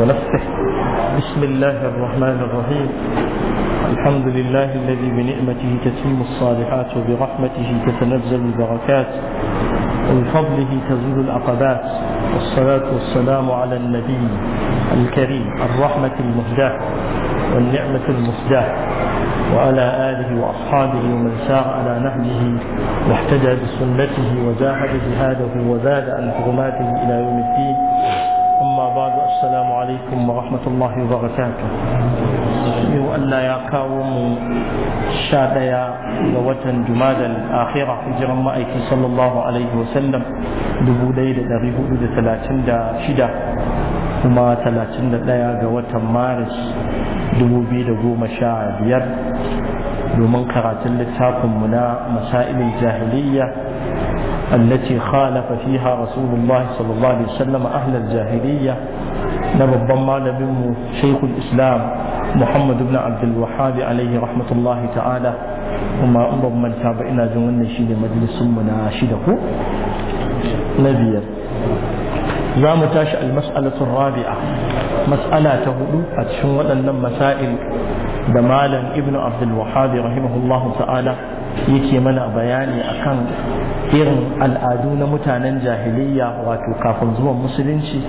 ونفسه بسم الله الرحمن الرحيم الحمد لله الذي بنعمته تتم الصالحات وبرحمته تتنزل البركات وبفضله تزول العقبات والصلاة والسلام على النبي الكريم الرحمة المهداة والنعمة المسداة وعلى آله وأصحابه ومن سار على نهجه واحتجى بسنته وجاهد جهاده وزاد عن حرماته إلى يوم الدين amma ba'du assalamu wa rahmatullahi wa barakatuh yau Allah ya kawo mu shaɗaya ɗaya ga watan jumadal akhira hijiran ma'aikin sallallahu alaihi wa sallam dubu ɗaya da ɗari hudu da talatin da shida kuma talatin da ɗaya ga watan maris dubu biyu da goma sha biyar domin karatun littafinmu na masailin jahiliya التي خالف فيها رسول الله صلى الله عليه وسلم أهل الجاهلية نبضم على شيخ الإسلام محمد بن عبد الوهاب عليه رحمة الله تعالى وما أمر من تاب إلى جمعنا شيد مجلس مناشده نبيا زام تاش المسألة الرابعة مسألة تقول أتشون أن مسائل دمالا ابن عبد الوهاب رحمه الله تعالى yake mana bayani akan irin al'adu na mutanen jahiliya wato kafin zuwan musulunci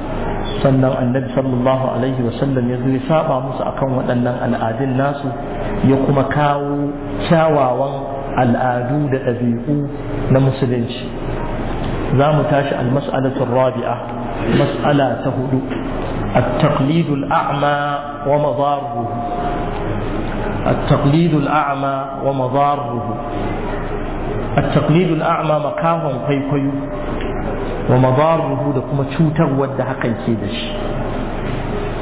sannan annabi sallallahu alaihi wasallam ya zo ya saba musu akan waɗannan al'adun nasu ya kuma kawo kyawawan al'adu da ɗabi'u na musulunci za mu tashi al-mas'alatu rabi'a mas'ala ta hudu at-taqlidul a'ma wa madaruhu التقليد الأعمى ومضاره التقليد الأعمى مكاهم قيقي ومضاره لكم تشوتر ود حقا كيدش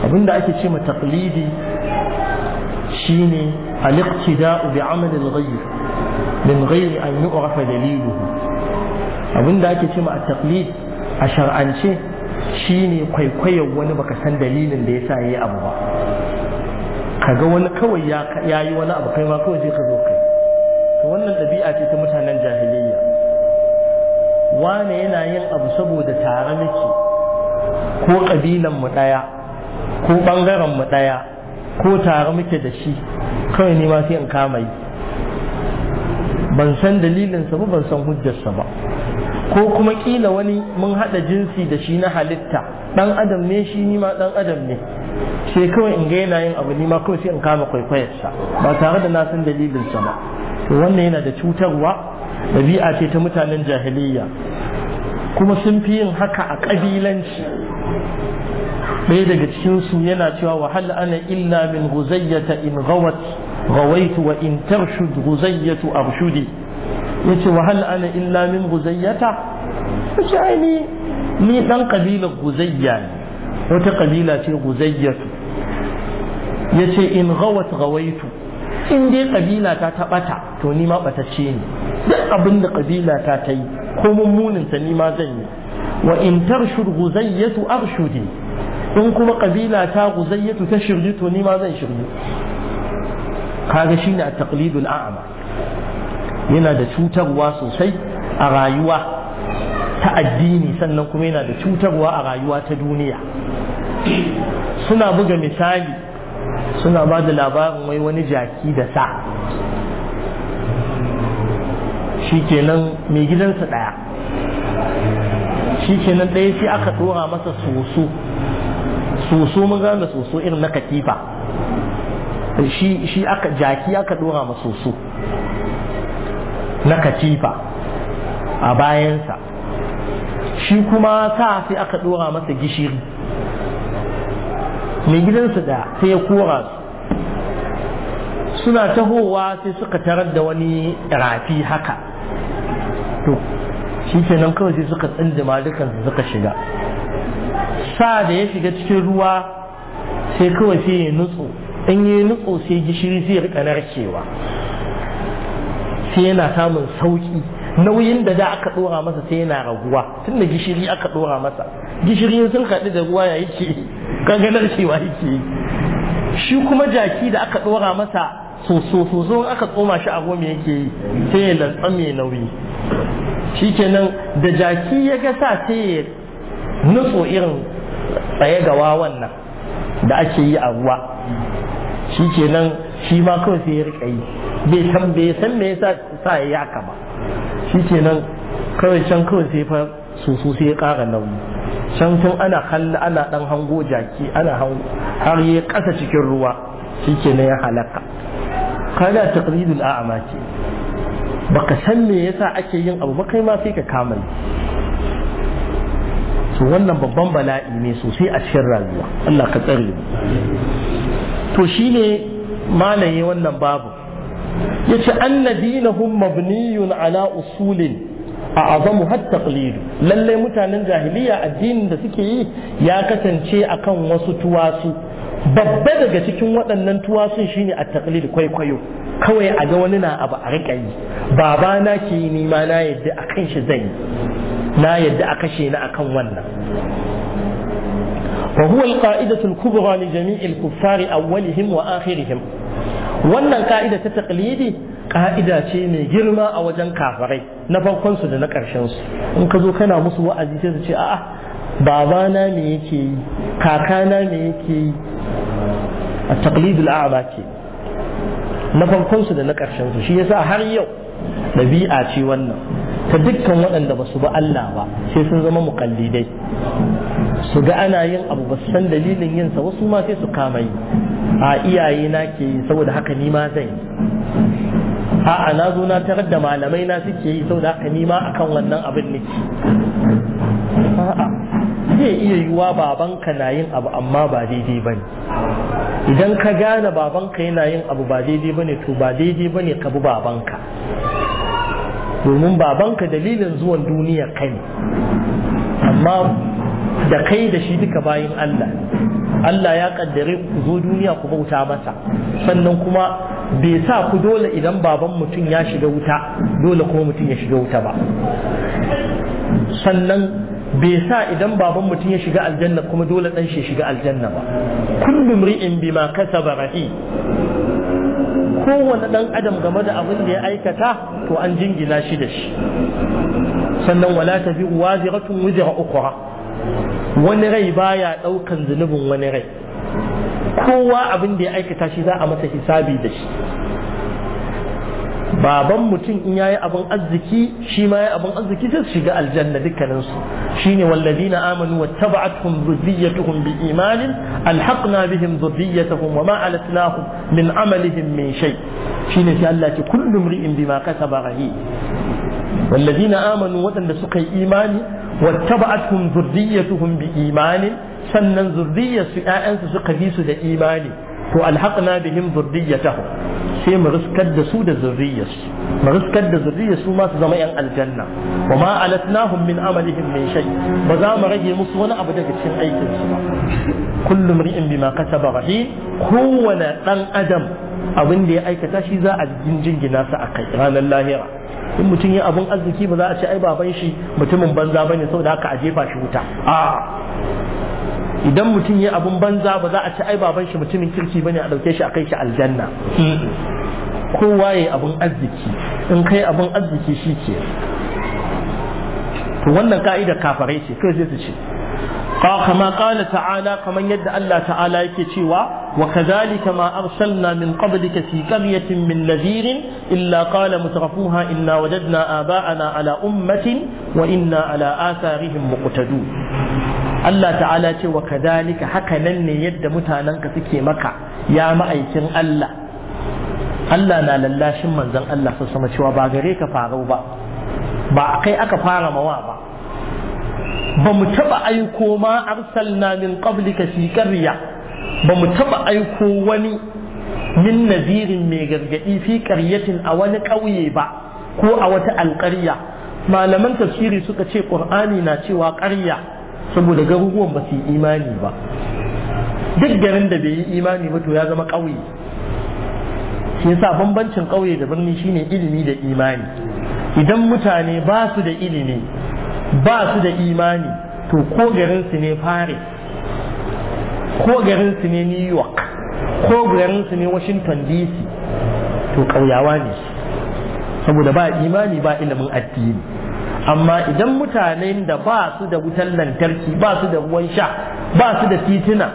abin da ake ce ma taqlidi shine al-iqtida'u bi 'amal al-ghayr min ghayr an yu'rafa daliluhu abin da ake ce ma taqlid a shar'ance shine kwaikwayar wani baka san dalilin da yasa yayi abu ba Ka ga wani kawai ya yi wani abu kai ma kawai sai ka zo kai to wannan ɗabi'a ce ta mutanen jahiliyya wane yana yin abu saboda tare miki ko ƙabilan mu ɗaya ko ɓangaren mu ɗaya ko tare muke da shi kawai ne ma sai in kama yi ban san dalilinsa ba ban san hujjarsa ba ko kuma kila wani mun haɗa jinsi da shi na halitta ɗan adam ne shi ni ma ɗan adam ne sai kawai in ga yana yin abu ma kawai sai in kama kwaikwayarsa ba tare da na san dalilinsa ba to wannan yana da cutarwa ɗabi'a ce ta mutanen jahiliya kuma sun fi yin haka a ƙabilanci ɗaya daga cikinsu yana cewa wahal ana illa min guzayyata in gawat gawaitu wa in tarshud guzayyatu arshudi yace wahal ana illa min guzayyata yace ai ni ni dan kabilar guzayya ne wata kabila ce guzayyatu ya ce in gawat gawaitu in dai kabila ta ɓata, to ni ma ne duk abin da kabila ta ta yi ko mummuninta ta ni ma zan yi wa in tarshud guzayyatu arshudi in kuma kabila ta guzayyatu ta shirji to ni ma zan shirji kaga shine at-taqlidul a'ma yana da cutarwa sosai a rayuwa ta addini sannan kuma yana da cutarwa a rayuwa ta duniya suna buga misali suna ba da labarin wai wani jaki da sa shi kenan mai gidansa ɗaya shi kenan ɗaya sai aka ɗora masa soso soso mun gane soso irin na katifa shi shi aka jaki aka ɗora masa soso na katifa a bayansa shi kuma sa sai aka dora masa gishiri mai gidansa da sai ya kora su suna tahowa sai suka tarar da wani rafi haka to shi kenan kawai sai suka tsindima dukansu suka shiga sa da ya shiga cikin ruwa sai kawai sai ya nutso in yi nutso sai gishiri sai ya rika narkewa sai yana samun sauki nauyin da da aka dora masa sai yana raguwa tun da gishiri aka dora masa gishiri sun haɗu da ruwa ya yi yake kanganar cewa ce shi kuma jaki da aka dora masa soso soso aka tsoma shi a goma yake yi sai ya lantsa mai nauyi shi kenan da jaki ya ga sa sai ya nutso irin tsaye ga wawan nan da ake yi a ruwa shi kenan shi ma kawai sai ya riƙa yi bai san me yasa sa ya yaka ba shikenan kawai can kawai sai fa soso sai ya ƙara nauyi can tun ana kalla ana dan hango jaki ana hango har ya ƙasa cikin ruwa shikenan ya halaka kaga taqridul a'ma ce baka san me yasa ake yin abu ba kai ma sai ka kama to wannan babban bala'i ne sosai a cikin rayuwa Allah ka tsare mu to shine malaye wannan babu ya ce dinahum mabniyun ala usulin a azamu har taqlidu Lallai mutanen jahiliya addinin da suke yi ya kasance akan wasu tuwasu babba daga cikin waɗannan tuwasun shine a taqlid kwaikwayo kawai a ga wani na abu a riƙa yi na ke yi ni ma na yadda kan shi zai. na yadda a kashe ni akan wannan وهو القاعدة الكبرى لجميع الكفار wa akhirihim wannan ka'ida ta taqlidi ka'ida ce mai girma a wajen kafarai na farkon su da na karshen su in ka zo kana musu wa'azi sai su ce a'a babana me yake yi kakana me yake yi a taqlidul a'ma ce na farkon su da na karshen su shi yasa har yau dabi'a ce wannan ta dukkan waɗanda ba su ba Allah ba sai sun zama muƙallidai su ga ana yin abu ba san dalilin yin sa wasu ma sai su kama yi a iyaye na ke yi saboda haka ni ma zai a a'a na zo na tarar da malamai na suke yi saboda haka ni ma akan wannan abin nake a'a zai iya wa babanka na yin abu amma ba daidai ba ne idan ka gane babanka yana yin abu ba daidai ba ne to ba daidai ba ne ka bi babanka domin babanka dalilin zuwan duniya kai amma da kai da shi duka bayin Allah Allah ya kaddare ku zo duniya ku bauta masa sannan kuma bai sa ku dole idan baban mutum ya shiga wuta dole kuma mutum ya shiga wuta ba sannan bai sa idan baban mutum ya shiga aljanna kuma dole dan shi shiga aljanna ba kullu mri'in bima kasaba rahi kowane dan adam game da abin da ya aikata to an jingina shi da shi sannan wala tazi'u waziratun wizra ukhra wani rai baya daukan zunubin wani rai kowa abin da ya aikata shi za a masa hisabi da shi baban mutum in yayi abin arziki shi ma yayi abin arziki sai su shiga aljanna dukkanin su shine walladina amanu wattaba'atuhum dhurriyyatuhum biimanin alhaqna bihim dhurriyyatuhum wama alatnahum min amalihim min shay shine sai Allah ce kullu imri'in bima kasaba rahi walladina amanu wadanda suka yi imani wattaba'atuhum zurriyyatuhum imani sannan zurriyyarsu ƴaƴansu suka bi su da imani to alhaqna bihim zurriyyatahum sai mu riskar da su da zurriyyarsu mu riskar da zurriyyarsu ma su zama 'yan aljanna wa ma alatnahum min amalihim min shay ba za mu rage musu wani abu daga cikin aikin su ba kullu mri'in bima kasaba rahim kowane dan adam abin da ya aikata shi za a jinjina sa kai ranar lahira in mutum yi abun arziki ba za a ce ai baban shi mutumin banza bane saboda haka a jefa shi wuta a idan mutum yi abun banza ba za a ce ai baban shi mutumin kirki bane a dauke shi a kai shi aljanna kowa ya abun arziki in kai abun arziki shi ke to wannan ka'idar kafarai ce kai sai su ce كما قال تعالى كما يد الله تعالى يكتشوا وكذلك ما أرسلنا من قبلك في قرية من نذير إلا قال مترفوها إنا وجدنا آباءنا على أمة وإنا على آثارهم مقتدون Allah ta'ala ce wa kadalika haka nan ne yadda ka suke maka ya ma'aikin Allah Allah na lallashin manzon Allah su cewa ba gare ka farau ba ba kai aka fara mawa ba ba mu taɓa aiko ma arsalna min qablika fi qarya ba mu taɓa aiko wani min nazirin mai gargaɗi fi ƙaryatin a wani ƙauye ba ko a wata alƙarya malaman tafsiri suka ce ƙur'ani na cewa ƙarya saboda garuruwan ba su yi imani ba duk garin da bai yi imani ba to ya zama ƙauye shi yasa bambancin ƙauye da birni shine ilimi da imani idan mutane ba su da ilimi ba su da imani to ko garinsu ne paris ko garinsu ne new york ko garinsu ne washington dc to ƙauyawa ne saboda ba imani ba ilimin addini amma idan mutanen da ba su da wutar lantarki ba su da ruwan sha ba su da titina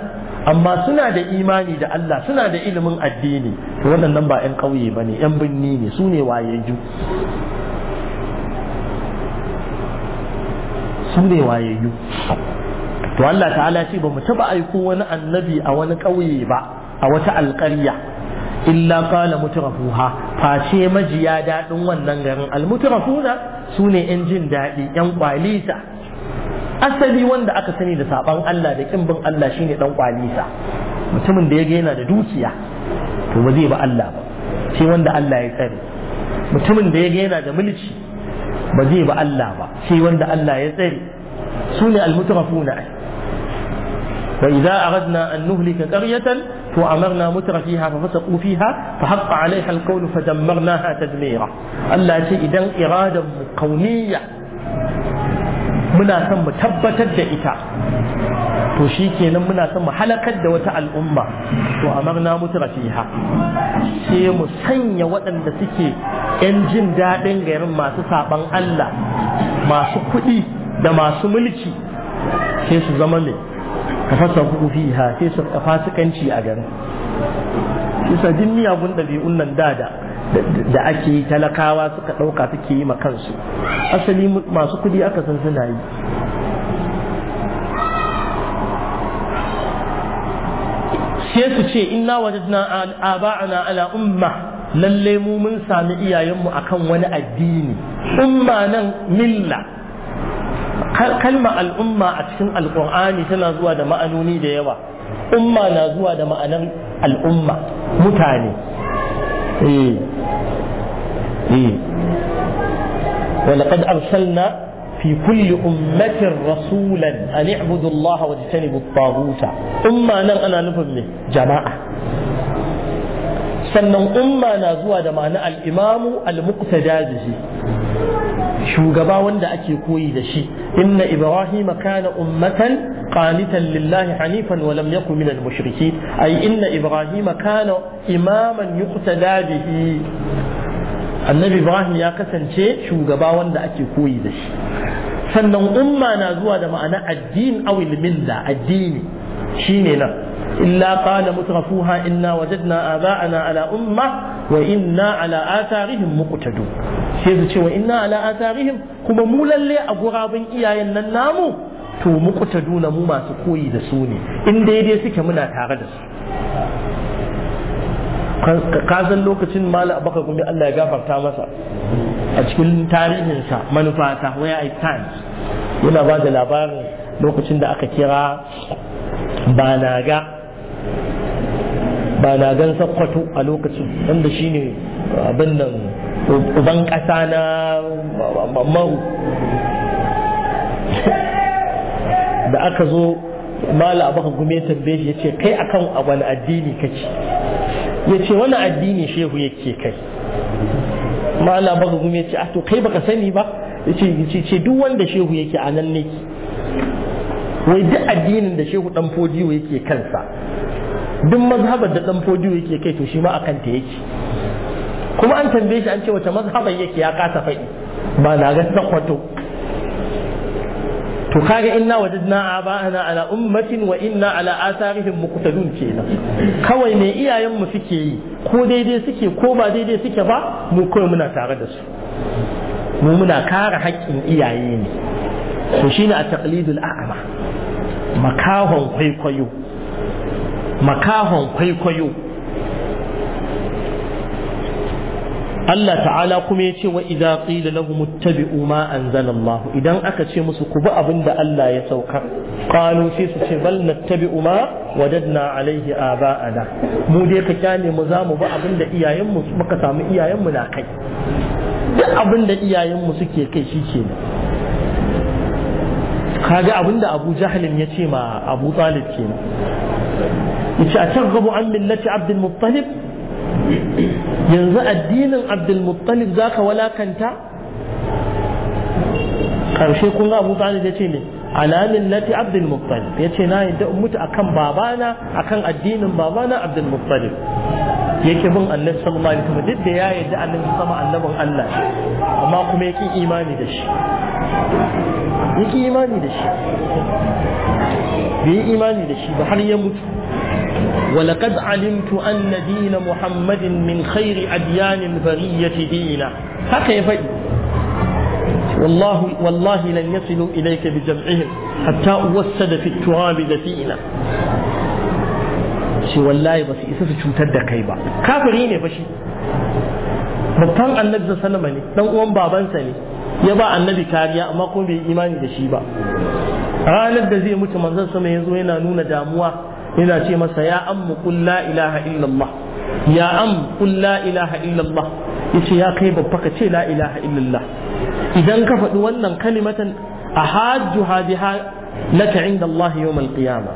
amma suna da imani da Allah suna da ilimin addini to waɗannan ba 'yan ƙauye ba ne 'yan birni ne su ne wayayyu su ne wayayyu to Allah ta'ala ce ba mu taba aiko wani annabi a wani ƙauye ba a wata alƙarya illa qala mutrafuha face majiya daɗin wannan garin almutrafuna sune yan jin daɗi yan kwalisa asali wanda aka sani da saban Allah da kin Allah shine dan kwalisa mutumin da yaga yana da dukiya to ba zai ba Allah ba sai wanda Allah ya tsare mutumin da yaga yana da mulki ba zai ba Allah ba sai wanda Allah ya tsare su ne almutrafuna ai wa idza aradna an nuhlika qaryatan to amarna mutrafiha fa fasaqu fiha fa haqqa alaiha alqawlu fa dammarnaha tadmira Allah ce idan iradan mu muna son mu tabbatar da ita to shi kenan muna son mu halakar da wata al'umma to amarna mutrafiha sai mu sanya waɗanda suke 'yan jin daɗin garin masu saɓan Allah masu kuɗi da masu mulki sai su zama mai kafasa fi ha, sai su fasikanci a garin shi sa jin miyagun ɗabi'un nan dada da ake yi talakawa suka ɗauka suke yi ma kansu asali masu kuɗi aka san suna yi sai su ce inna wajadna aba'ana ala umma lalle mu mun sami iyayenmu akan wani addini umma nan milla kalma al'umma a cikin alkur'ani tana zuwa da ma'anoni da yawa umma na zuwa da ma'anan al'umma mutane ولقد أرسلنا في كل أمة رسولا أن اعبدوا الله واجتنبوا الطاغوت أمة أنا أنا نفهم جماعة sannan umma na zuwa da ma'ana al'imamu al-muqtada bihi shugaba wanda ake koyi da shi inna ibrahim kana ummatan qanitan lillahi hanifan wa lam yakun minal mushrikeen ay inna ibrahim kana imaman yuqtada bihi annabi ibrahim ya kasance shugaba wanda ake koyi da shi sannan umma na zuwa da ma'ana addin awil milla addini shine nan إلا قال مترفوها إنا وجدنا آباءنا على أمة وإنا على آثارهم مقتدون sai su وإنا على آثارهم كما مولا لي أبو غابن إيايا ننامو to muqtaduna mu masu koyi da su ne in daidai suke muna tare da su kazan lokacin mala abaka gumi Allah ya gafarta masa a cikin tarihinsa manufata waya i stand yana ba da labarin lokacin da aka kira banaga ba na gan sakwato a lokacin wanda ne abin nan uban ƙasa na maru da aka zo mala abu gume tambaye shi ya ce kai akan wani addini kake ya ce wani addini shehu yake kai mala abu gume ya ce a ah, to kai baka sani ba ya ce duk wanda shehu yake a nan ne wai duk addinin da shehu dan fodiyo yake kansa duk mazhabar da dan fodiyo yake kai to shi ma akan ta yake kuma an tambaye shi an ce wace mazhabar yake ya kasa faɗi ba na ga sakwato to kaga inna wajadna aba'ana ala ummatin wa inna ala atharihim muqtadun kenan kawai ne iyayen mu suke yi ko daidai suke ko ba daidai suke ba mu kai muna tare da su mu muna kare haƙƙin iyaye ne to shine a taqlidul a'ma makahon kwaikwayo makahon kwaikwayo Allah ta'ala kuma ya ce wa idza qila lahum ittabi'u ma anzala Allah idan aka ce musu ku bi abin da Allah ya saukar qalu sai su ce bal nattabi'u ma wajadna alaihi aba'ana mu dai ka kyale mu za mu bi abin da iyayen mu muka samu iyayen mu na kai duk abin da iyayen mu suke kai shikenan kaga abinda abu ya ce ma abu talib ke yace a targabu an millati abdul muttalib yanzu addinin abdul muttalib ka walakanta karshe kun abu talib ya ce me ala millati abdul muttalib yace na yadda mutu akan babana akan addinin babana abdul muttalib yake bin annabi sallallahu alaihi wasallam duk da ya yadda annabi sama annabin Allah amma kuma yake imani da shi yake imani da shi bai imani da shi ba har ya mutu ولقد علمت أن دين محمد من خير أديان البرية دينا هكذا والله والله لن يصلوا إليك بجمعهم حتى أوسد في التراب دفينا ce wallahi ba isa su cutar da kai ba kafiri ne fa shi babban annabi sallama ne dan uwan babansa ne ya ba annabi kariya amma kuma bai imani da shi ba ranar da zai mutu manzon sama yazo yana nuna damuwa yana ce masa ya ammu qul la ilaha illallah ya am qul la ilaha illallah yace ya kai babba ka ce la ilaha illallah idan ka faɗi wannan kalimatan ahajjuha biha laka inda Allah yawmal qiyamah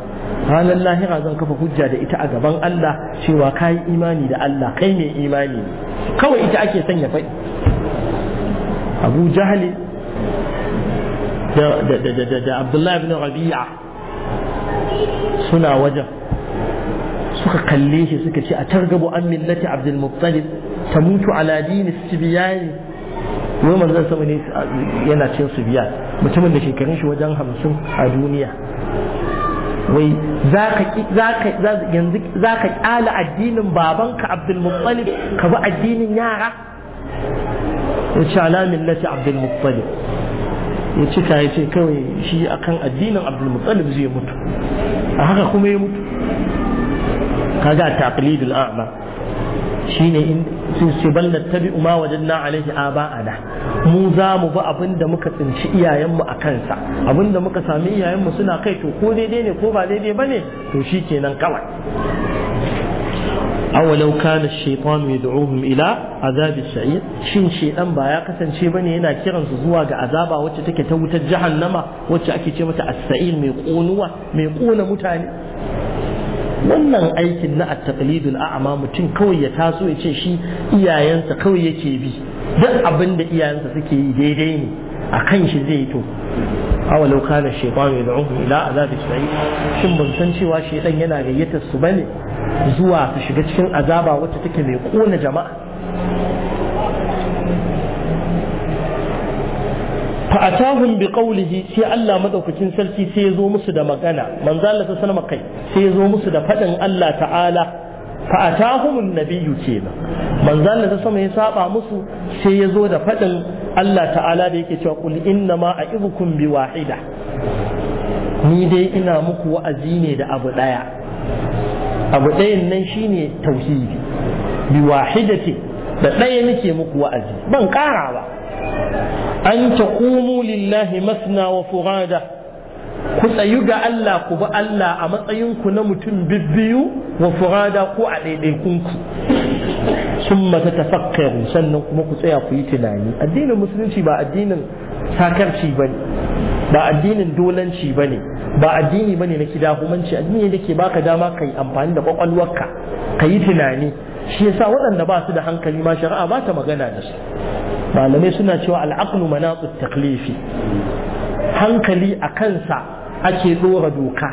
ranar lahira zan kafa hujja da ita a gaban Allah cewa ka yi imani da Allah kai mai imani kawai ita ake sanya ya faɗi abu jahali da abdullahi ibn rabi'a suna wajen suka kalle shi suka ce a targabu an millati abdul muttalib ta mutu ala dini sibiyani mu manzon sama ne yana cin su biya mutumin da shekarun shi wajen hamsin a duniya wai za ka kyala addinin babanka abdulmuttalib ka bi addinin yara ya ce ala millati abdulmuttalib ya ce ka ya ce kawai shi akan addinin abdulmuttalib zai mutu a haka kuma ya mutu kaga taqlidul a'ma shine in sun ce bal nattabi ma wajadna alaihi aba'ana mu za mu bi abinda muka tsinci iyayenmu a kansa abinda muka sami iyayen mu suna kai to ko daidai ne ko ba daidai bane to shikenan kawai awalau kana shaitan yad'uhum ila azab as-sa'ir shin shaitan ba ya kasance bane yana kiran su zuwa ga azaba wacce take ta wutar jahannama wacce ake ce mata as-sa'ir mai konuwa mai kona mutane wannan aikin na attaqlidul a'ma mutum kawai ya taso ya ce shi iyayensa kawai yake bi duk abin da iyayensa suke yi daidai ne a kan shi zai to law kana shaytan yad'uhu ila azab sa'ir shin ban san cewa shaytan yana gayyatar su bane zuwa su shiga cikin azaba wacce take mai kona jama'a fa'atahum bi qawlihi sai Allah madaukakin sarki sai ya zo musu da magana manzo Allah ta sanar sai ya zo musu da fadin Allah ta'ala fa'atahum an-nabiyyu kenan manzo Allah ta sama ya saba musu sai ya zo da fadin Allah ta'ala da yake cewa qul inna ma a'idukum bi wahida ni dai ina muku wa'azi ne da abu daya abu dayan nan shine tauhidi bi wahidati da daya nake muku wa'azi ban karawa an kumu lillahi masna wa furada ku tsayu ga Allah ku bi Allah a matsayin ku na mutum bibbiyu wa furada ko a ɗaiɗaikun ku sun mata fakkaru sannan kuma ku tsaya ku yi tunani addinin musulunci ba addinin sakarci ba ba addinin dolanci ba ne ba addini ba ne na kidahumanci addini da ke baka dama ka yi amfani da kwakwalwarka ka yi tunani shi yasa waɗanda ba su da hankali ma shari'a ba ta magana da su malamai suna cewa al'aqlu manaqut taklifi hankali a kansa ake ɗora doka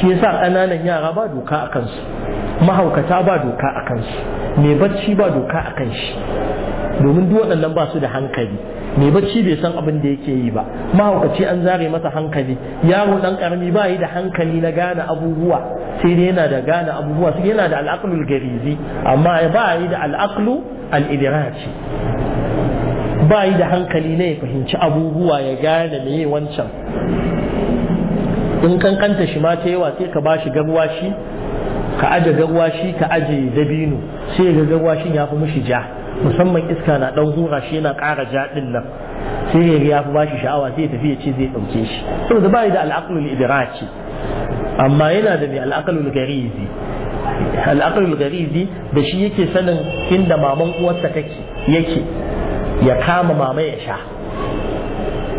shi yasa ƙananan yara ba doka a kansu mahaukata ba doka a kansu mai bacci ba doka a kan shi domin duk waɗannan ba su da hankali mai bacci bai san abin da yake yi ba mahaukaci an zare masa hankali yaro dan karami ba yi da hankali na gane abubuwa sai dai yana da gane abubuwa sai yana da al'aqlul garizi amma ba yi da al'aqlu al ba yi da hankali na ya fahimci abubuwa ya gane meye wancan in kankanta shi ma ta yawa sai ka bashi garwashi ka aje garwashi ka aje dabino sai ga garwashin ya fi mushi ja musamman iska na dan hura shi yana ƙara jaɗin nan sai ya ya fi bashi sha'awa sai ya tafi ya ce zai ɗauke shi saboda bai da al'aqlul idraki amma yana da mai al'aqlul garizi al'aqlul garizi da shi yake sanin inda maman uwarsa take yake ya kama mama ya sha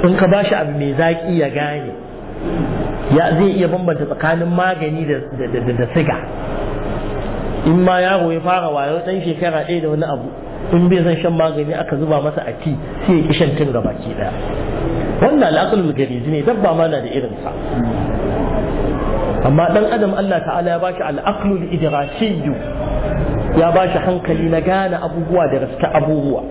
in ka bashi abu mai zaki ya gane ya zai iya bambanta tsakanin magani da siga in ma yaro ya fara wayo dan shekara ɗaya da wani abu in bai zan shan magani aka zuba masa a ti sai ya ki shan gaba daya wannan al'aqlul garizi ne dabba ma na da irin sa amma dan adam Allah ta'ala ya bashi al'aqlul idrasiyyu ya bashi hankali na gane abubuwa da gaske abubuwa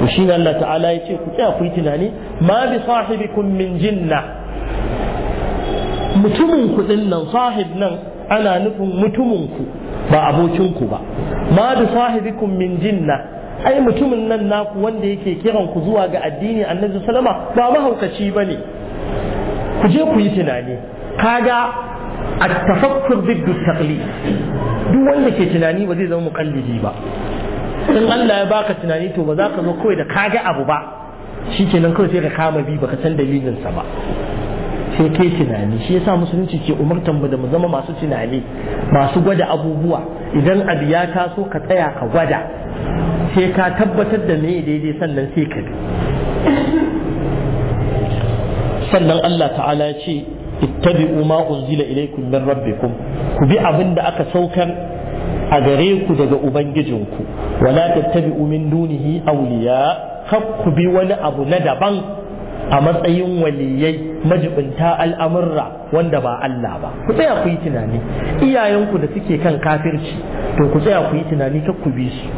to shine Allah ta'ala ya ce ku tsaya ku yi tunani ma bi sahibikum min jinna mutumin ku din nan sahib nan ana nufin mutumin ku ba abokin ku ba ma bi sahibikum min jinna ai mutumin nan naku wanda yake kiran ku zuwa ga addini annabi sallama ba mahaukaci bane ku je ku yi tunani kaga at-tafakkur biddu taqlid duk wanda ke tunani ba zai zama muqallidi ba in Allah ya baka tunani to ba za ka zo kawai da kaga abu ba shikenan kawai sai ka kama bi baka san dalilin sa ba sai kai tunani shi yasa musulunci ke umartan mu da mu zama masu tunani masu gwada abubuwa idan abu ta so ka tsaya ka gwada sai ka tabbatar da me daidai sannan sai ka sannan Allah ta'ala ya ce ittabi'u ma unzila ilaykum min rabbikum ku bi abin da aka saukar a gare ku daga ubangijinku wala tattabi'u min dunihi awliya kar ku bi wani abu na daban a matsayin waliyai majibinta al'amurra wanda ba Allah ba ku tsaya ku yi tunani iyayenku da suke kan kafirci to ku tsaya ku yi tunani kar ku bi su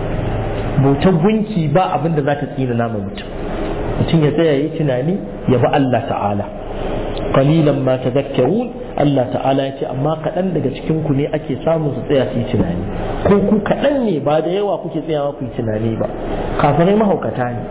bautar gunki ba abin da za ta tsira nama mutum mutum ya tsaya yi tunani ya bi Allah ta'ala kalilan ma tadhakkarun Allah ta'ala ya ce amma kaɗan daga cikin ku ne ake samun su tsaya su yi tunani ko ku kaɗan ne ba da yawa kuke tsayawa ku yi tunani ba kafirai mahaukata ne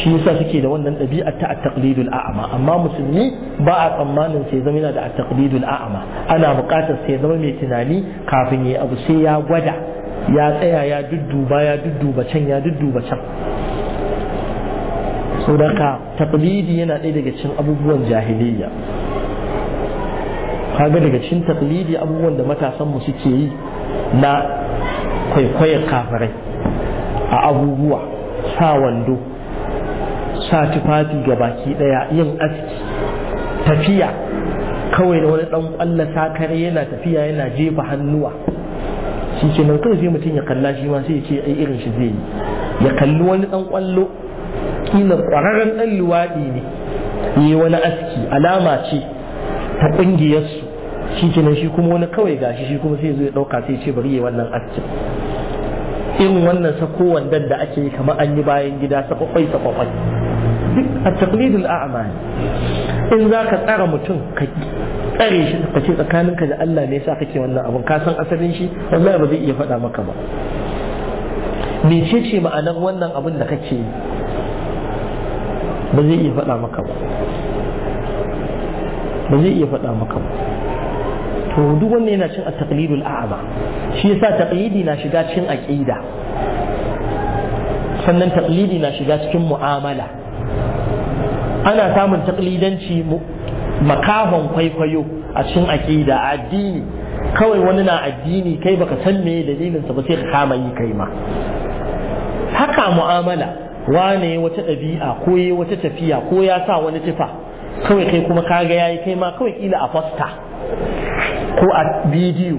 shi yasa suke da wannan ɗabi'a ta at-taqlidul a'ma amma musulmi ba a tsammanin sai zama yana da at-taqlidul a'ma ana buƙatar sai zama mai tunani kafin yayi abu sai ya gwada ya tsaya ya dudduba ya dudduba can ya dudduba can so daga taqlidi yana ɗaya daga cikin abubuwan jahiliya kaga daga cikin taqlidi abubuwan da matasan mu suke yi na kwaikwayon kafirai a abubuwa sa wando sa tufafi ga baki ɗaya yin aski tafiya kawai da wani dan kwalla sakare yana tafiya yana jefa hannuwa shi ce nan kawai sai mutum ya kalla shi ma sai ya ce ai irin shi zai yi ya kalli wani dan kwallo kila kwararren dan luwaɗi ne yi wani aski alama ce ta ƙungiyarsu shi ke nan shi kuma wani kawai gashi shi kuma sai zai ɗauka sai ce bari ya wannan askin irin wannan sako da ake yi kamar an yi bayan gida sakwakwai sakwakwai duk a taklidul a'ma in za ka tsara mutum ka tsare shi ka ce tsakaninka da Allah ne yasa kake wannan abun. ka san asalin shi wallahi ba zai iya faɗa maka ba mecece ma'anar wannan abin da kake yi ba zai iya faɗa maka ba ba zai iya faɗa maka ba to duk wanda yana cin at-taqlidul a'ma shi yasa taqlidi na shiga cikin aqida sannan taqlidi na shiga cikin mu'amala ana samun taqlidanci makahon kwaikwayo a cikin aƙida a addini kawai wani na addini kai baka san me dalilinsa ba sai ka kama yi kai ma haka mu'amala wane wata ɗabi'a ko ya wata tafiya ko ya sa wani tufa kawai kai kuma ga yayi kai ma kawai kila a fasta ko a bidiyo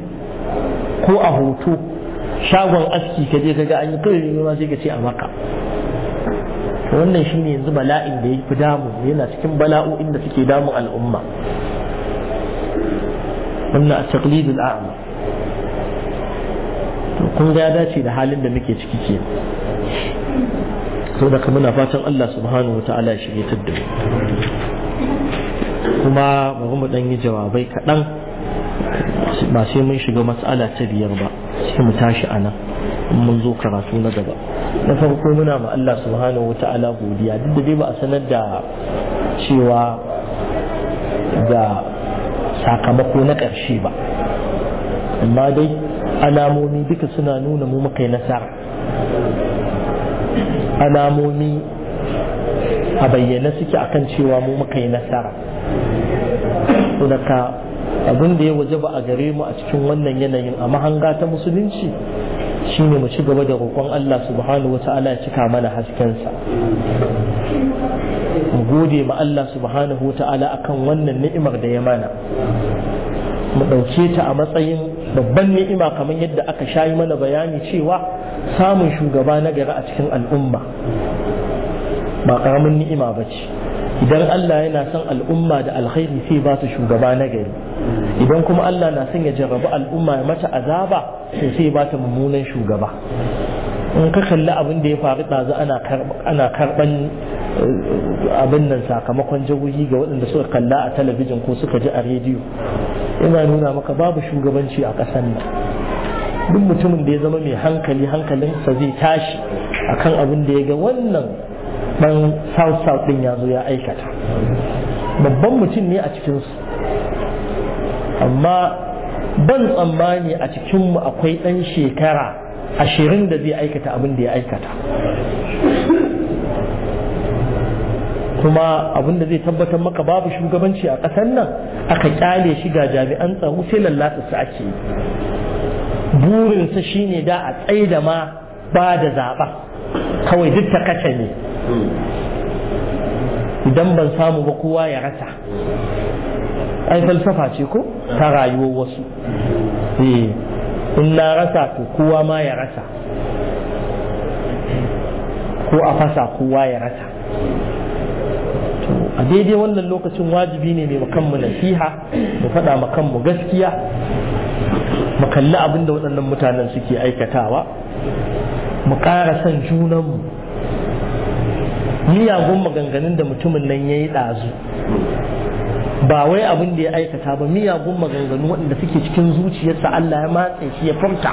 ko a hoto shagon aski ka je ka ga an yi kawai ma sai ka ce a maka wannan shine yanzu bala'in da ya fi damu yana cikin bala'o'in da suke damun al'umma wannan a taqlidul a'ma to kun ga ya dace da halin da muke ciki ke saboda kuma muna fatan Allah subhanahu wa ta'ala ya shirye kuma bari mu dan yi jawabai kaɗan ba sai mun shiga matsala ta biyar ba sai mu tashi a nan mun zo karatu na gaba na farko muna ma Allah subhanahu wa ta'ala godiya duk da dai ba a sanar da cewa ga sakamako na ƙarshe ba amma dai alamomi duka suna nuna mu muka yi nasara alamomi a bayyana suke akan cewa mu muka yi nasara daga abin da ya waje ba a gare mu a cikin wannan yanayin a mahanga ta musulunci Shi ne mu ci gaba da roƙon Allah subhanahu wata'ala ya cika mana haskensa mu gode ma Allah subhanahu wata'ala akan wannan ni'imar da ya mana mu ɗauke ta a matsayin babban ni'ima kamar yadda aka shayi mana bayani cewa samun shugaba na gari a cikin al'umma ba ƙaramin ni'ima ba ce idan Allah yana son al'umma da alkhairi sai ba su shugaba na gari idan kuma Allah na son ya jarrabu al'umma ya mata azaba to sai ba ta mummunan shugaba in ka kalli abin da ya faru ɗazu ana karɓan eh, abin nan sakamakon jagogi ga waɗanda suka kalla a talabijin ko suka ji a rediyo ina nuna maka babu shugabanci a ƙasar nan duk mutumin da ya zama mai hankali hankalinsa zai tashi akan abin da ya ga wannan Ɗan south south ɗin ya zo ya aikata babban mutum ne a cikinsu amma ban tsammani a cikinmu akwai ɗan shekara ashirin da zai aikata abin da ya aikata kuma abin da zai tabbatar maka babu shugabanci a ƙasar nan aka kyale shi ga jami'an tsaro sai lallata su ake burinsa shine da a tsaye da ma ba da zaɓa kawai duk ta kashe ne idan ban samu ba kowa ya rasa ai falsafa ce ko ta rayuwar wasu eh, in na rasa to kowa ma ya rasa ko a fasa kowa ya rasa a daidai wannan lokacin wajibi ne mai makanmu nasiha mu faɗa makanmu gaskiya mu kalli abin da waɗannan mutanen suke aikatawa mu ƙara son junanmu miyagun maganganun da mutumin nan ya yi ɗazu ba wai abin da ya aikata ba miyagun maganganu waɗanda suke cikin zuciyarsa Allah ya matse shi ya furta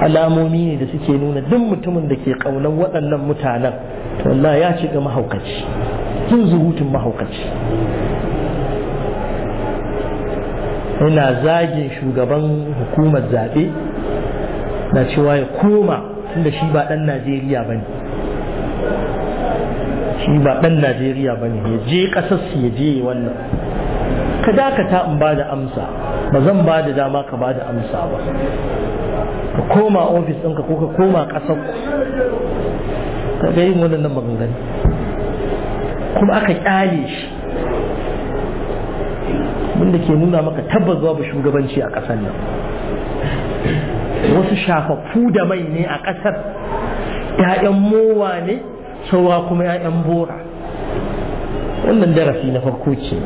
alamomi ne da suke nuna duk mutumin da ke ƙaunar waɗannan mutanen to Allah ya ci ga mahaukaci kin zuhutun mahaukaci ina zagin shugaban hukumar zaɓe na cewa ya koma tunda shi ba dan Najeriya ba ne shi ba dan Najeriya ba ne ya je kasar su ya je wannan ka dakata in ba da amsa ba zan ba da dama ka ba da amsa ba ka koma ofis ɗinka ko ka koma ƙasar ku ka ga yin waɗannan maganganu kuma aka ƙyale shi wanda ke nuna maka tabbas babu shugabanci a ƙasar nan wasu shafafu da mai ne a ƙasar ‘ya'yan mowa ne saura kuma ‘ya'yan bora wannan darasi na farko ce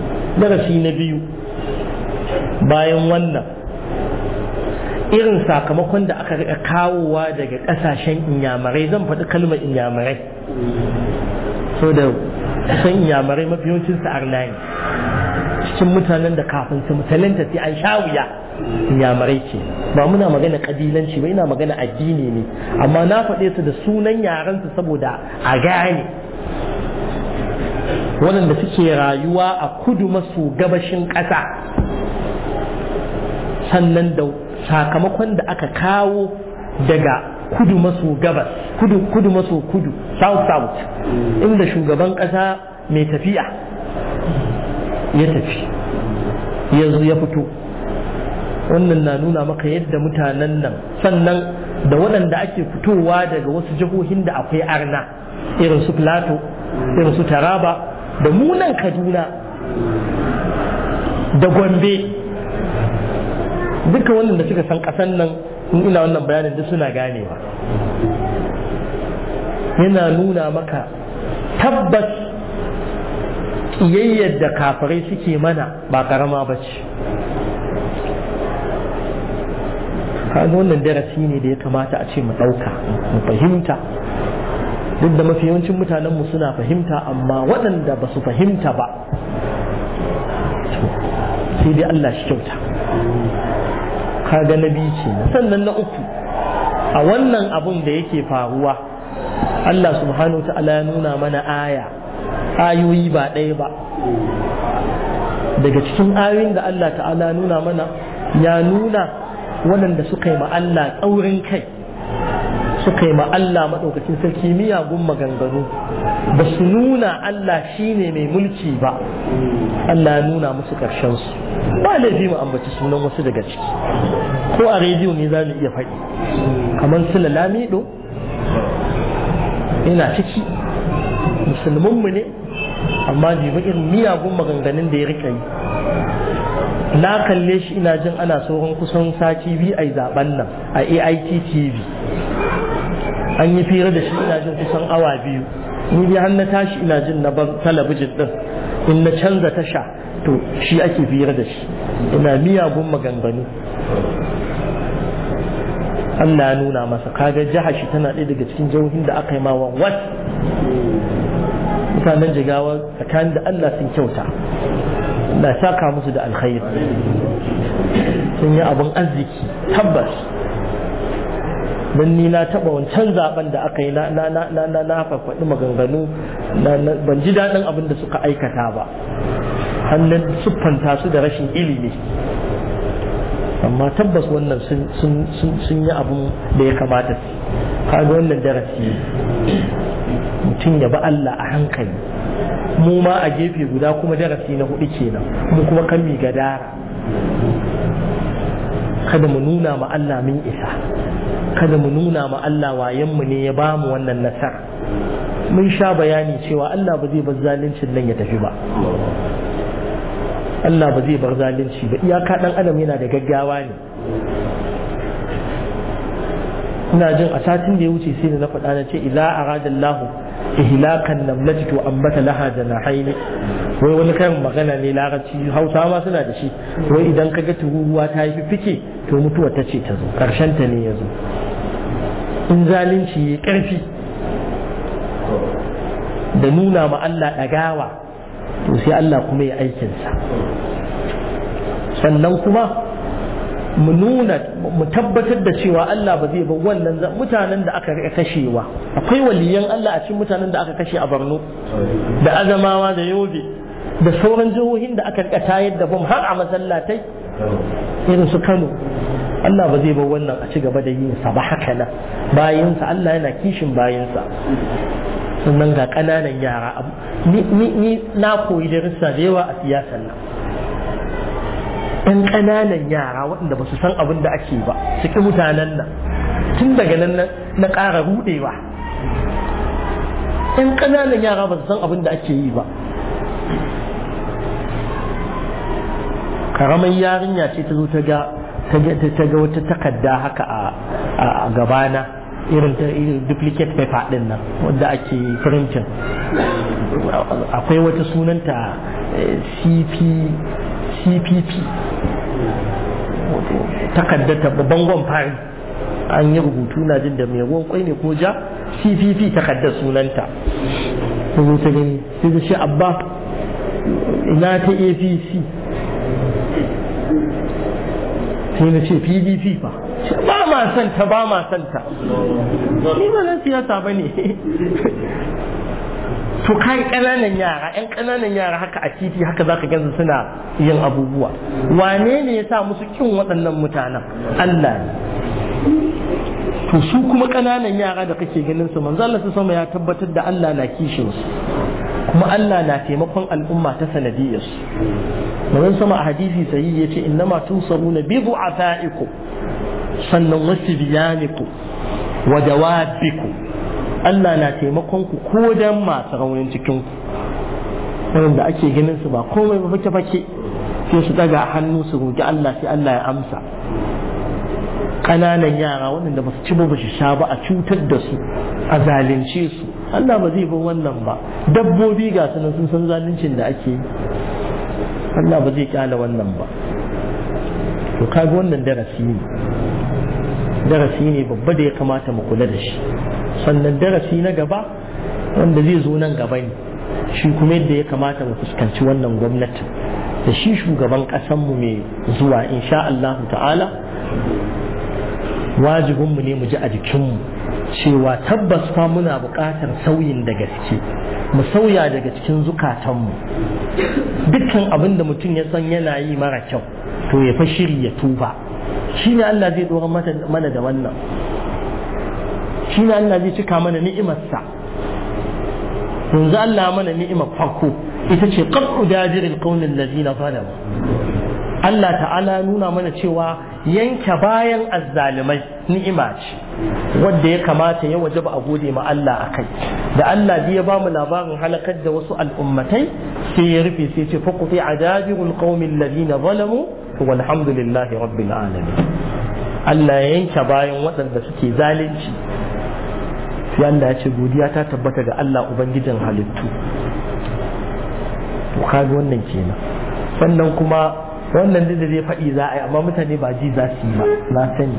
darasi na biyu bayan wannan irin sakamakon da aka riƙa kawowa daga ƙasashen inyamurai zan faɗi kalmar inyamurai so da san inyamurai mafi yawancinsu arna cikin mutanen da kafin su musulunta sai an shawuya yamarai ce ba muna magana kabilanci ba ina magana addini ne amma na faɗe su da sunan su saboda a gane waɗanda suke rayuwa a kudu maso gabashin ƙasa sannan da sakamakon da aka kawo daga kudu maso gabas kudu kudu maso kudu south south inda shugaban ƙasa mai tafiya ya tafi yanzu ya fito wannan na nuna maka yadda mutanen nan sannan da waɗanda ake fitowa daga wasu jihohin da akwai arna irin su plato irin su taraba da munan kaduna da gombe duka wannan da suka san ƙasan nan in ina wannan bayanin da suna ganewa yana nuna maka tabbas ƙiyayyar da kafirai suke mana ba karama ba ce kaga wannan darasi ne da ya kamata a ce mu ɗauka mu fahimta duk da mafi yawancin mutanenmu suna fahimta amma waɗanda ba su fahimta ba sai dai Allah shi kyauta kaga na biyu ce sannan na uku a wannan abun da yake faruwa Allah subhanahu wa ta'ala ya nuna mana aya ayoyi ba ɗaya ba daga cikin ayoyin da Allah ta'ala nuna mana ya nuna waɗanda suka yi Allah tsaurin kai suka yi Allah maɗaukacin sarki miyagun maganganu ba su nuna Allah shi ne mai mulki ba Allah nuna musu ƙarshensu ba laifi mu ambaci sunan wasu daga ciki ko a rediyo ne za mu iya faɗi kamar su lalamido ina ciki musulmin mu ne amma jibi irin miyagun maganganun da ya rike yi na kalle shi ina jin ana sauran kusan sati biyu a zaben nan a AIT TV an yi fira da shi ina jin kusan awa biyu ni yi na tashi ina jin na ban talabijin ɗin in na canza tasha to shi ake fira da shi ina miyagun maganganu Allah ya nuna masa kaga jihar shi tana ɗaya daga cikin jihohin da aka yi ma wasu mutanen jigawa tsakanin da Allah sun kyauta na saka musu da alkhairi sun yi abin arziki tabbas don ni na taɓa wancan zaben da aka yi na na na na na maganganu ban ji daɗin abin da suka aikata ba hannun siffanta su da rashin ilimi amma tabbas wannan sun yi abun da ya kamata su kaga wannan darasi mutum ya bi Allah a hankali mu ma a gefe guda kuma darasi na hudu kenan mu kuma kan mi gadara kada mu nuna ma Allah mun isa kada mu nuna ma Allah wayanmu ne ya ba mu wannan nasar, mun sha bayani cewa Allah ba zai bar zaluncin nan ya tafi ba Allah ba zai bar zalunci ba iyaka dan adam yana da gaggawa ne ina jin a satin da ya wuce sai na faɗa na ce ila arada Allah ihlakan namlati to ambata laha janahaini wai wani kayan magana ne larabci Hausa ma suna da shi wai idan ka ga tururuwa ta yi fike to mutuwa ta ce ta zo karshen ta ne ya zo in zalunci ya karfi da nuna ma Allah ɗagawa to sai Allah kuma ya aikinsa sannan kuma mu nuna mu tabbatar da cewa Allah ba zai ba wannan mutanen da aka kashewa akwai waliyan Allah a cikin mutanen da aka kashe a Borno da Azamawa da Yobe da sauran jihohin da aka tayar da bom har a masallatai irin su Kano Allah ba zai ba wannan a ci gaba da yin sa ba haka nan bayansa Allah yana kishin bayansa sannan ga ƙananan yara ni na koyi darussa da yawa a siyasar nan ɗan ƙananan yara waɗanda ba su san abin da ake ba su ƙi mutanen nan tun daga nan na ƙara rudewa ɗan ƙananan yara ba su san abin da ake yi ba karamin yarinya ce ta zo ta ga ta ga wata takarda haka a gabana irin ta duplicate paper din nan wanda ake printing akwai wata sunanta eh, cp cpp ta bangon fari an yi rubutu na jin da mai ruwan kwai ne ko ja cpp takaddar sunanta ta zo ta gani sai ce abba ina ta apc sai na ce pdp fa ba ma santa ba ma santa ni ba na siyasa ba ne to kai ƙananan yara ƴan ƙananan yara haka a titi haka zaka gansu suna yin abubuwa wane ne ya sa musu kin waɗannan mutanen Allah to su kuma ƙananan yara da kake ganin su manzo Allah sama ya tabbatar da Allah na kishin su kuma Allah na taimakon al'umma ta sanadiyar su manzo sama a hadisi sahihi yace innama tunsaruna bi du'afaikum sannan wasibiyanikum wa dawabikum Allah na taimakon ku ko dan masu raunin cikin ku wanda ake ganin su ba komai ba fake fake sai su daga hannu su roki Allah sai Allah ya amsa Kananan yara waɗanda ba su ci ba ba su sha ba a cutar da su a zalunce su Allah ba zai bar wannan ba dabbobi ga su sun san zaluncin da ake Allah ba zai kyala wannan ba to kaga wannan darasi ne darasi ne babba da ya kamata mu kula da shi sannan darasi na gaba wanda zai zo nan gaba ne shi kuma yadda ya kamata mu fuskanci wannan gwamnati da shi shugaban ƙasanmu mai zuwa insha Allah ta'ala wajibinmu ne mu ji a jikinmu cewa tabbas fa muna buƙatar sauyin da gaske mu sauya daga cikin zukatanmu dukkan abin da mutum ya san yana yi mara kyau to ya fa shiri ya tuba shi ne Allah zai ɗora mana da wannan shi ne Allah zai cika mana ni'imarsa yanzu Allah mana ni'imar farko ita ce qat'u dajirin qaumin ladina zalamu Allah ta'ala nuna mana cewa yanke bayan azzalimai ni'ima ce wadda ya kamata ya wajaba a gode ma Allah a kai da Allah ya ba mu labarin halakar da wasu al'ummatai sai ya rufe sai ce fakuti a dajirul qaumin ladina zalamu walhamdulillahi rabbil alamin Allah ya yanke bayan waɗanda suke zalunci sai Allah ya ce godiya ta tabbata ga Allah ubangijin halittu to kaga wannan kenan sannan kuma wannan da zai faɗi za a yi amma mutane ba ji za su yi ba na sani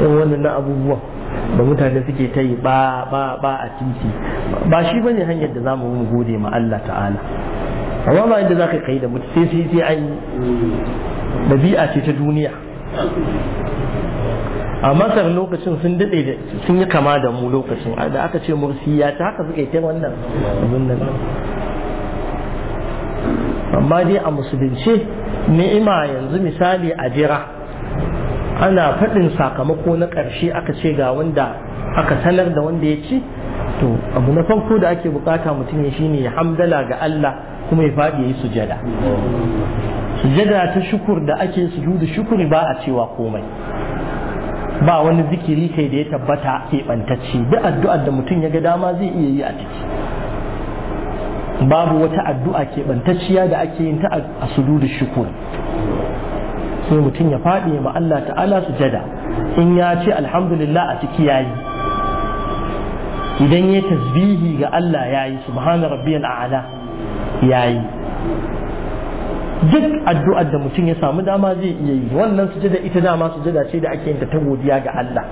irin wannan abubuwan da mutane suke ta yi ba a titi ba shi bane hanyar da zamu mu gode ma Allah ta'ala amma ba yadda zaka kai da mutu sai sai sai an dabi'a ce ta duniya a masar lokacin sun daɗe da sun yi kama da mu lokacin da aka ce mursiya ta haka suka yi ta wannan abin nan amma dai a musulunce ni'ima yanzu misali a jira ana faɗin sakamako na ƙarshe aka ce ga wanda aka sanar da wanda ya ci to abu na farko da ake bukata mutum ya shine ya hamdala ga Allah kuma ya faɗi ya yi sujada sujada ta shukur da ake sujudu shukuri ba a cewa komai ba wani zikiri kai da ya tabbata keɓantacce duk addu'ar da mutum ya ga dama zai iya yi a ciki babu wata addu'a keɓantacciya da ake yin ta a sududu shukur sai mutum ya faɗi ma Allah ta'ala sujada in ya ce alhamdulillah a ciki yayi idan ya tasbihi ga Allah yayi subhana rabbiyal a'la yayi duk addu'ar da mutum ya samu dama zai iya yi wannan sujada ita dama su sujada ce da ake yin ta godiya ga Allah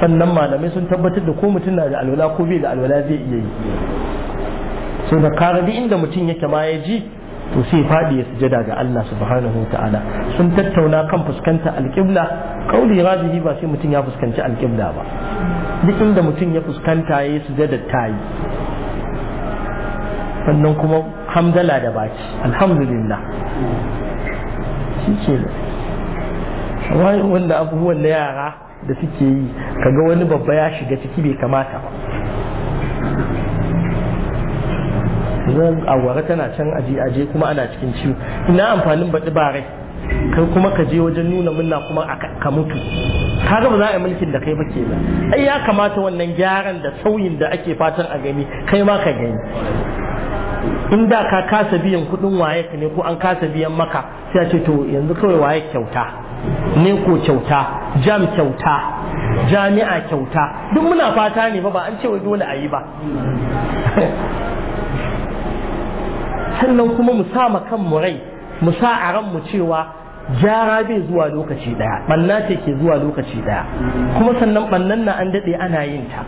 sannan malamai sun tabbatar da ko mutum na da alwala ko bai da alwala zai iya yi Sai da karabi inda mutum yake ma ya ji to sai faɗi ya sujada ga Allah subhanahu wa ta'ala sun tattauna kan fuskanta alƙibla kauli rajihi ba sai mutum ya fuskanci alƙibla ba duk inda mutum ya fuskanta ya yi sujada ta yi sannan kuma hamdala da baki alhamdulillah shi ke wanda abubuwan na yara da suke yi kaga wani babba ya shiga ciki bai kamata ba zan awara tana can aje aje kuma ana cikin ciwo ina amfanin baɗi ba rai kai kuma ka je wajen nuna munna kuma ka mutu ka ga ba za a yi mulkin da kai ba kenan ai ya kamata wannan gyaran da sauyin da ake fatan a gani kai ma ka gani in da ka kasa biyan kuɗin waye ka ne ko an kasa biyan maka sai a ce to yanzu kawai waye kyauta ne ko kyauta jam kyauta jami'a kyauta duk muna fata ne ba ba an ce wai dole a yi ba sannan kuma mu sa kanmu rai mu sa a mu cewa gyara bai zuwa lokaci daya banna ce ke zuwa lokaci daya kuma sannan bannan na an daɗe ana yin ta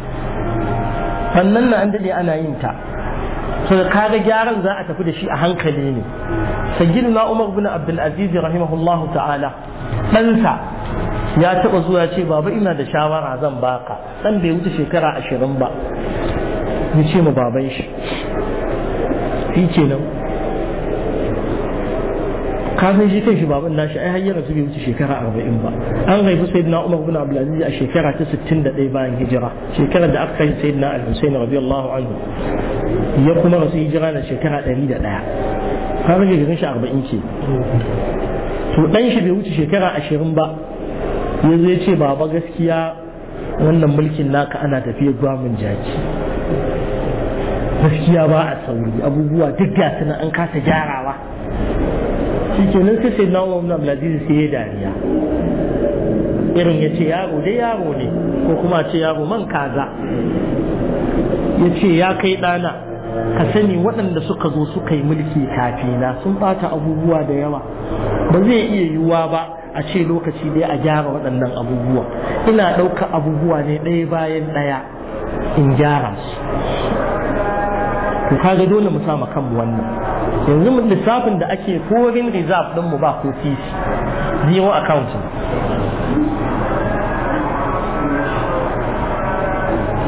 bannan na an daɗe ana yin ta so kaga gyaran za a tafi da shi a hankali ne na umar bin abdul aziz rahimahullahu ta'ala ɗansa ya taɓa zuwa ce baba ina da shawara zan baka ɗan bai wuce shekara ashirin ba ya ce mu baban shi shi kenan ka san shi kan shi baban nashi ai hayyar su bai wuce shekara arba'in ba an haifi sayyidina umar bin abdulaziz a shekara ta sittin da ɗaya bayan hijira shekarar da aka kashe sayyidina al-husayn radiyallahu anhu ya kuma rasu hijira na shekara ɗari da ɗaya ka san shekarun shi arba'in ce, to ɗan shi bai wuce shekara ashirin ba yanzu ya ce baba gaskiya wannan mulkin naka ana tafiya gwamin jaki gaskiya ba a sauri abubuwa duk suna an kasa gyarawa shi ke nan sai na wannan abdulaziz sai ya dariya irin ya ce yaro dai yaro ne ko kuma ce yaro man kaza ya ce ya kai ɗana ka sani waɗanda suka zo suka yi mulki kafi na sun ɓata abubuwa da yawa ba zai iya yiwuwa ba a ce lokaci dai a gyara waɗannan abubuwa ina ɗauka abubuwa ne ɗaya bayan ɗaya in gyara su to kaga dole mu sa kanmu wannan yanzu lissafin da ake foreign reserve din mu ba ko titi zero account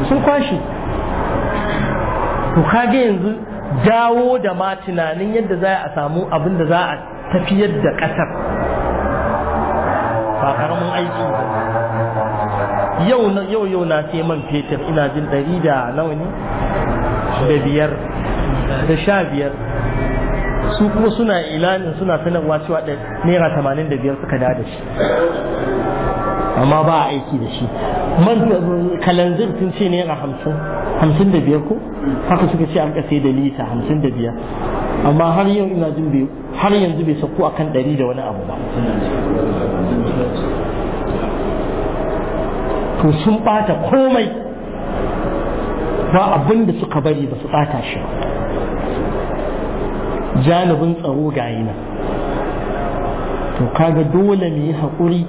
sun kwashi to kage yanzu dawo da ma tunanin yadda za a samu abin da za a tafiyar da ƙasar ba karamin aiki yau yau yau na ce man fetur ina jin ɗari da nawa ne da biyar da sha biyar su kuma suna ilanin suna sanarwa cewa naira tamanin da biyar suka da shi amma ba a aiki da shi man kalanzir sun ce naira hamsin hamsin da biyar ko haka suka ce an kasai da lita hamsin da biyar amma har yau ina jin bai har yanzu bai sauko akan ɗari da wani abu ba to sun ɓata komai ba abin da suka bari ba su ɓata shi ba janibin tsaro ga yana to kaga dole mu yi haƙuri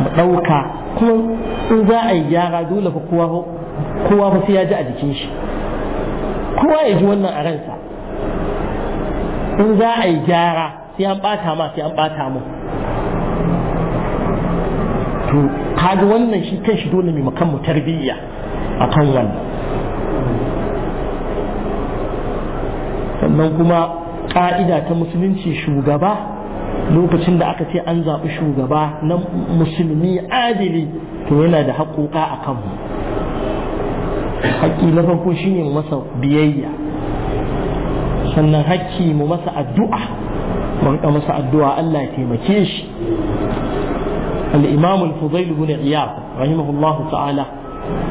mu ɗauka kuma in za a yi gyara dole fa kowa kowa fa sai ya ji a jikin shi kowa ya ji wannan a ransa in za a yi gyara sai an ɓata ma sai an ɓata mu to kaga wannan shi kan shi dole mu kan mu tarbiyya akan wannan sannan kuma ka'ida ta musulunci shugaba lokacin da aka ce an zaɓi shugaba na musulmi adili to yana da haƙoƙa a kanmu haƙƙi na farko shine mu masa biyayya sannan haƙƙi mu masa addu'a mu masa addu'a Allah ya taimake shi al-imam al-fudail ibn iyad rahimahullahu ta'ala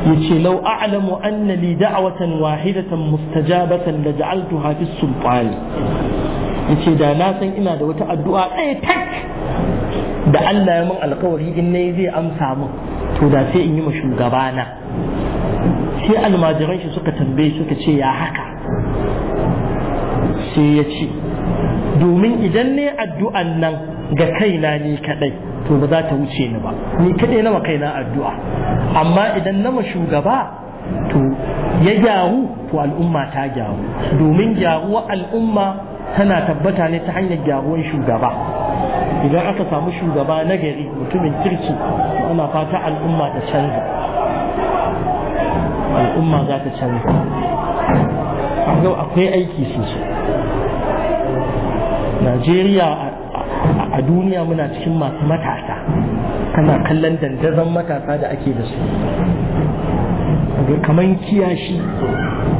yace law a'lamu anna li da'watan wahidatan mustajabatan la ja'altuha fi sultani yace da na san ina da wata addu'a ɗaya tak da Allah ya min alkawari in nayi zai amsa min to da sai in yi ma shugabana sai almajiran shi suka tambaye suka ce ya haka sai ya ce domin idan ne addu'an nan ga kaina ne kaɗai. to ba za ta wuce ni ba ni kaɗai na kaina addu'a amma idan na shugaba to ya gyaru to al'umma ta gyaru domin gyaruwar al'umma tana tabbata ne ta hanyar gyaruwar shugaba idan aka samu shugaba na gari mutumin kirki ana fata al'umma ta canza al'umma za ta canza yau akwai aiki sosai najeriya a a duniya muna cikin masu matasa kana kallon dandazon matasa da ake da su kamar kiyashi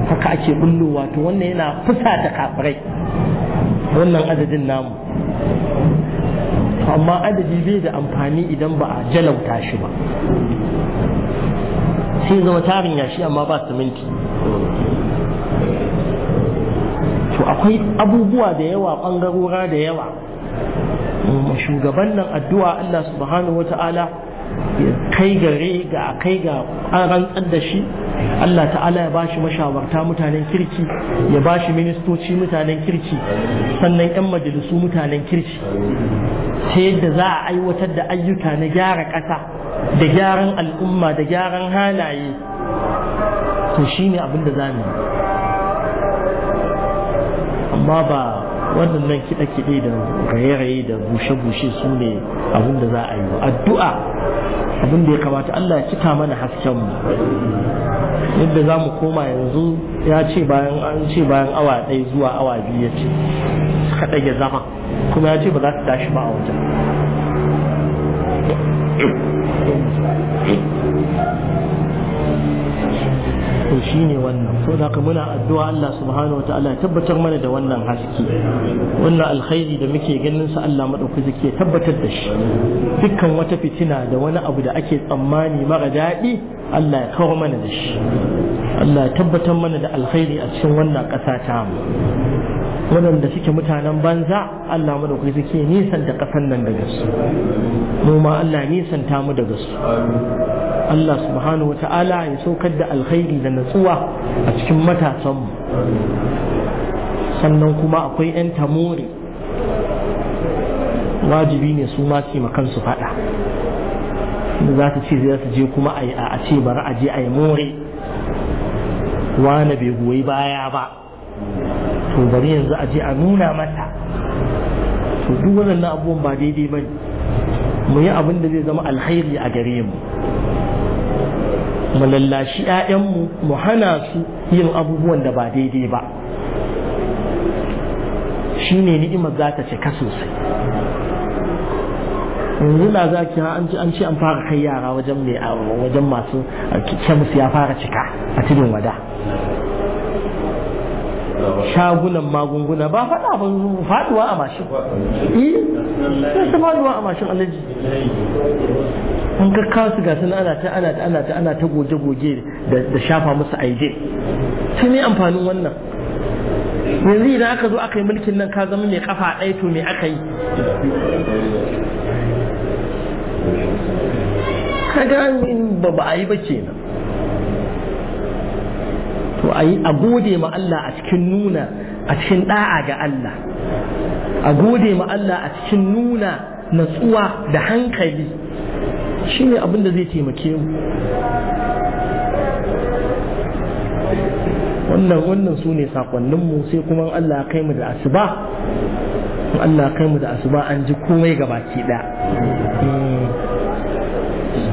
haka ake bullowa to wannan yana fusa da kafirai wannan adadin namu amma adadi zai da amfani idan ba a jalauta shi ba sai zama tarin yashi amma ba siminti to akwai abubuwa da yawa ɓangarora da yawa shugaban nan addu'a Allah subhanahu wata'ala ya kai gare ga kai ga an rantsar da shi Allah ta'ala ya bashi mashawarta mutanen kirki ya bashi ministoci mutanen kirki sannan 'yan majalisu mutanen kirki ta yadda za a aiwatar da ayyuka na gyara ƙasa da gyaran al'umma da gyaran halaye to shine abin da za mu amma ba waɗannan kiɗe-kiɗe da raye-raye da bushe-bushe su ne abin za a yi addu'a abin ya kamata Allah ya cika mana hasken mu yadda za mu koma yanzu ya ce bayan an ce bayan awa ɗaya zuwa awa biyu ya ce ka ɗage zama kuma ya ce ba za ta tashi ba a wajen shine wannan so da haka muna addu'a Allah subhanahu wataala ya tabbatar mana da wannan haske wannan alkhairi da muke ganin sa Allah madauki zake tabbatar da shi dukkan wata fitina da wani abu da ake tsammani mara daɗi Allah ya kawo mana da shi Allah ya tabbatar mana da alkhairi a cikin wannan ƙasa ta mu waɗanda suke mutanen banza Allah madauki zake nisan da ƙasan nan daga su mu ma Allah nisan ta mu daga su Allah subhanahu wata'ala ya saukar da alkhairi da natsuwa a cikin matasanmu sannan kuma akwai 'yan tamori wajibi ne su ma ce kansu fada za ta ce zai su je kuma a ce bari a je a yi more wane bai goyi baya ba to bari yanzu a je a nuna mata to duk waɗannan abubuwan ba daidai ba ne mu yi abin da zai zama alkhairi a gare mu mu lallashi ‘ya'yanmu mu hana su yin abubuwan da ba daidai ba shi ne ni'imar za ta cika sosai yanzu na za ki an ce an fara kai yara wajen mai wajen masu kemis ya fara cika a cikin wada shagunan magunguna ba faɗa ban faɗuwa a mashin eh sai faɗuwa a mashin alaji an kakkawo su sun ana ta ana ta ana ta ana ta goge-goge da shafa musu aide sai ne amfanin wannan yanzu idan aka zo aka yi mulkin nan ka zama mai kafa ɗaya to me aka yi kaga ba ba a yi ba kenan to a yi a gode ma Allah a cikin nuna a cikin da'a ga Allah a gode ma Allah a cikin nuna natsuwa da hankali shi ne abin da zai taimake mu wannan wannan su ne sakonninmu sai kuma Allah kai mu da asuba Allah kai mu da asuba an ji komai gabaki ɗaya hmm.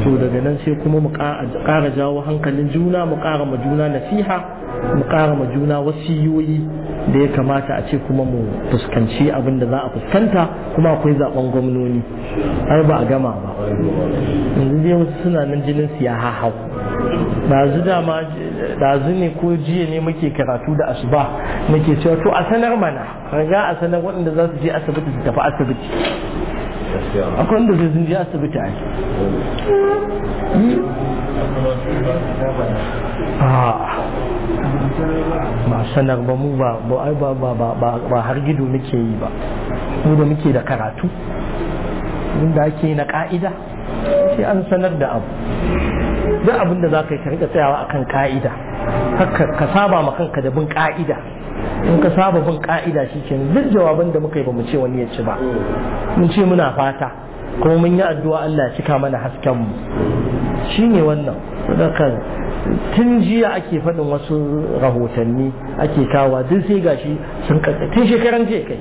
to daga nan sai kuma mu ƙara jawo hankalin juna mu ƙara ma juna nasiha mu ƙara ma juna wasiyoyi da ya kamata a ce kuma mu fuskanci abin da za a fuskanta kuma akwai zaben gwamnoni ai ba a gama ba yanzu dai wasu suna nan jinin su ya hahau dazu dama dazu ne ko jiya ne muke karatu da asuba muke cewa to a sanar mana raga a sanar waɗanda za su je asibiti su tafi asibiti akwai wanda zai zunje je asibiti ai a ba sanar ba mu ba ba har gido muke yi ba mu da muke da karatu inda ake na ka'ida sai an sanar da abu duk abin da za ka yi ka rika tsayawa akan ka'ida ka saba ma kanka da bin ka'ida in ka saba bin ka'ida shi ke duk jawaban da muka yi ba mu ce wani ya ci ba mun ce muna fata kuma mun yi addu'a Allah ya cika mana hasken mu shine wannan sadaka tun jiya ake faɗin wasu rahotanni ake kawa duk sai gashi sun kakka tun shekaran jiya kai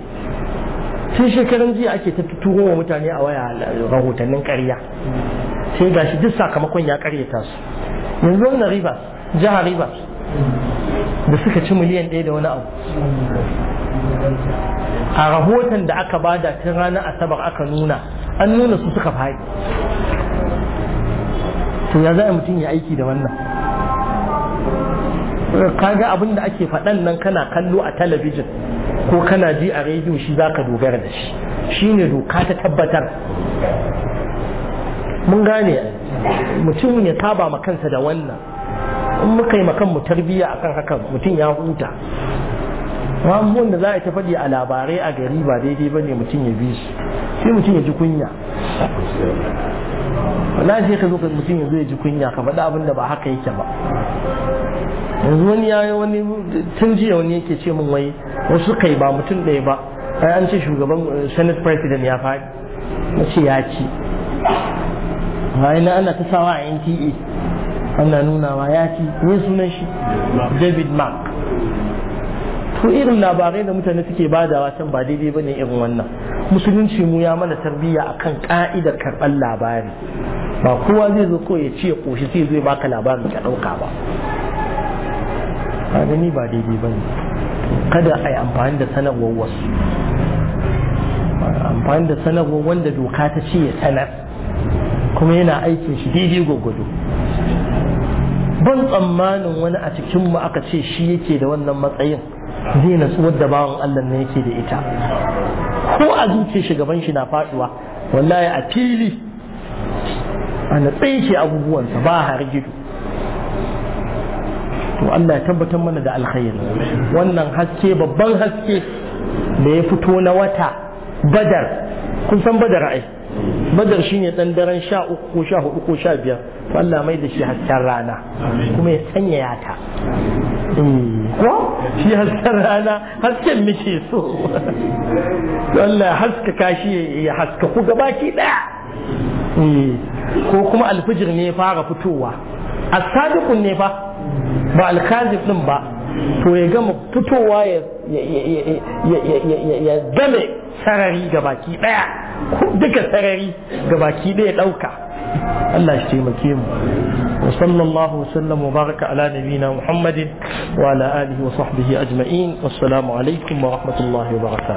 tun shekaran jiya ake ta turo wa mutane a waya rahotannin ƙarya sai gashi duk sakamakon ya ƙaryata su yanzu wannan riba jihar riba da suka ci miliyan ɗaya da wani abu a rahoton da aka bada tun ranar asabar aka nuna an nuna su suka fahimta to ya za a mutum ya aiki da wannan kaga abin da ake faɗan nan kana kallo a talabijin ko kana ji a rediyo shi za ka dogara da shi shi ne doka ta tabbatar mun gane mutum ya taba ma kansa da wannan in muka yi mu tarbiyya akan haka mutum ya huta ramuwan da za a ta faɗi a labarai a gari ba daidai ba ne mutum ya bi shi sai mutum ya ji kunya wallahi sai ka zo ka mutum yanzu ya ji kunya ka faɗi abin da ba haka yake ba yanzu wani ya wani tun jiya wani yake ce min wai wasu kai ba mutum ɗaya ba ai an ce shugaban eh, senate president ya faɗi na ce ya ci na ana ta sawa a NTA ana ba ya ci ne sunan shi David Mark to irin labarai da mutane suke badawa can ba daidai ba ne irin wannan musulunci mu ya mana tarbiyya akan ka'idar karɓar labari ba kowa zai zo ko ya ce ya koshi sai zai baka labarin ka ɗauka ba ba gani ba daidai ba ne kada a yi amfani da sanarwar wasu amfani da sanarwar wanda doka ta ce ya sanar kuma yana aikin shi daidai gwaggwado ban tsammanin wani a cikinmu aka ce shi yake da wannan matsayin zai natsuwar da bawan Allah ne yake da ita ko a zuce shugaban shi na faɗuwa, wallahi a fili a natsayi ke abubuwansa ba har gido? to Allah ya tabbatar mana da alkhairi wannan haske babban haske da ya fito na wata badar kun san badar ai badar shi ne dan daren sha uku ko sha hudu ko sha biyar to Allah mai da shi hasken rana kuma ya sanyaya ta hmm. ko shi hasken rana hasken muke so Allah ya haska kashi ya haska ku gabaki daya hmm. ko kuma alfijir ne ya fara fitowa as ne fa ba al-kazib din ba to ya gama fitowa ya ya ya ya ya sarari ga baki daya duka sarari ga baki daya dauka Allah shi taimake mu wa sallallahu wa sallam wa baraka ala nabiyina Muhammadin wa ala alihi wa sahbihi ajma'in wassalamu alaikum wa rahmatullahi wa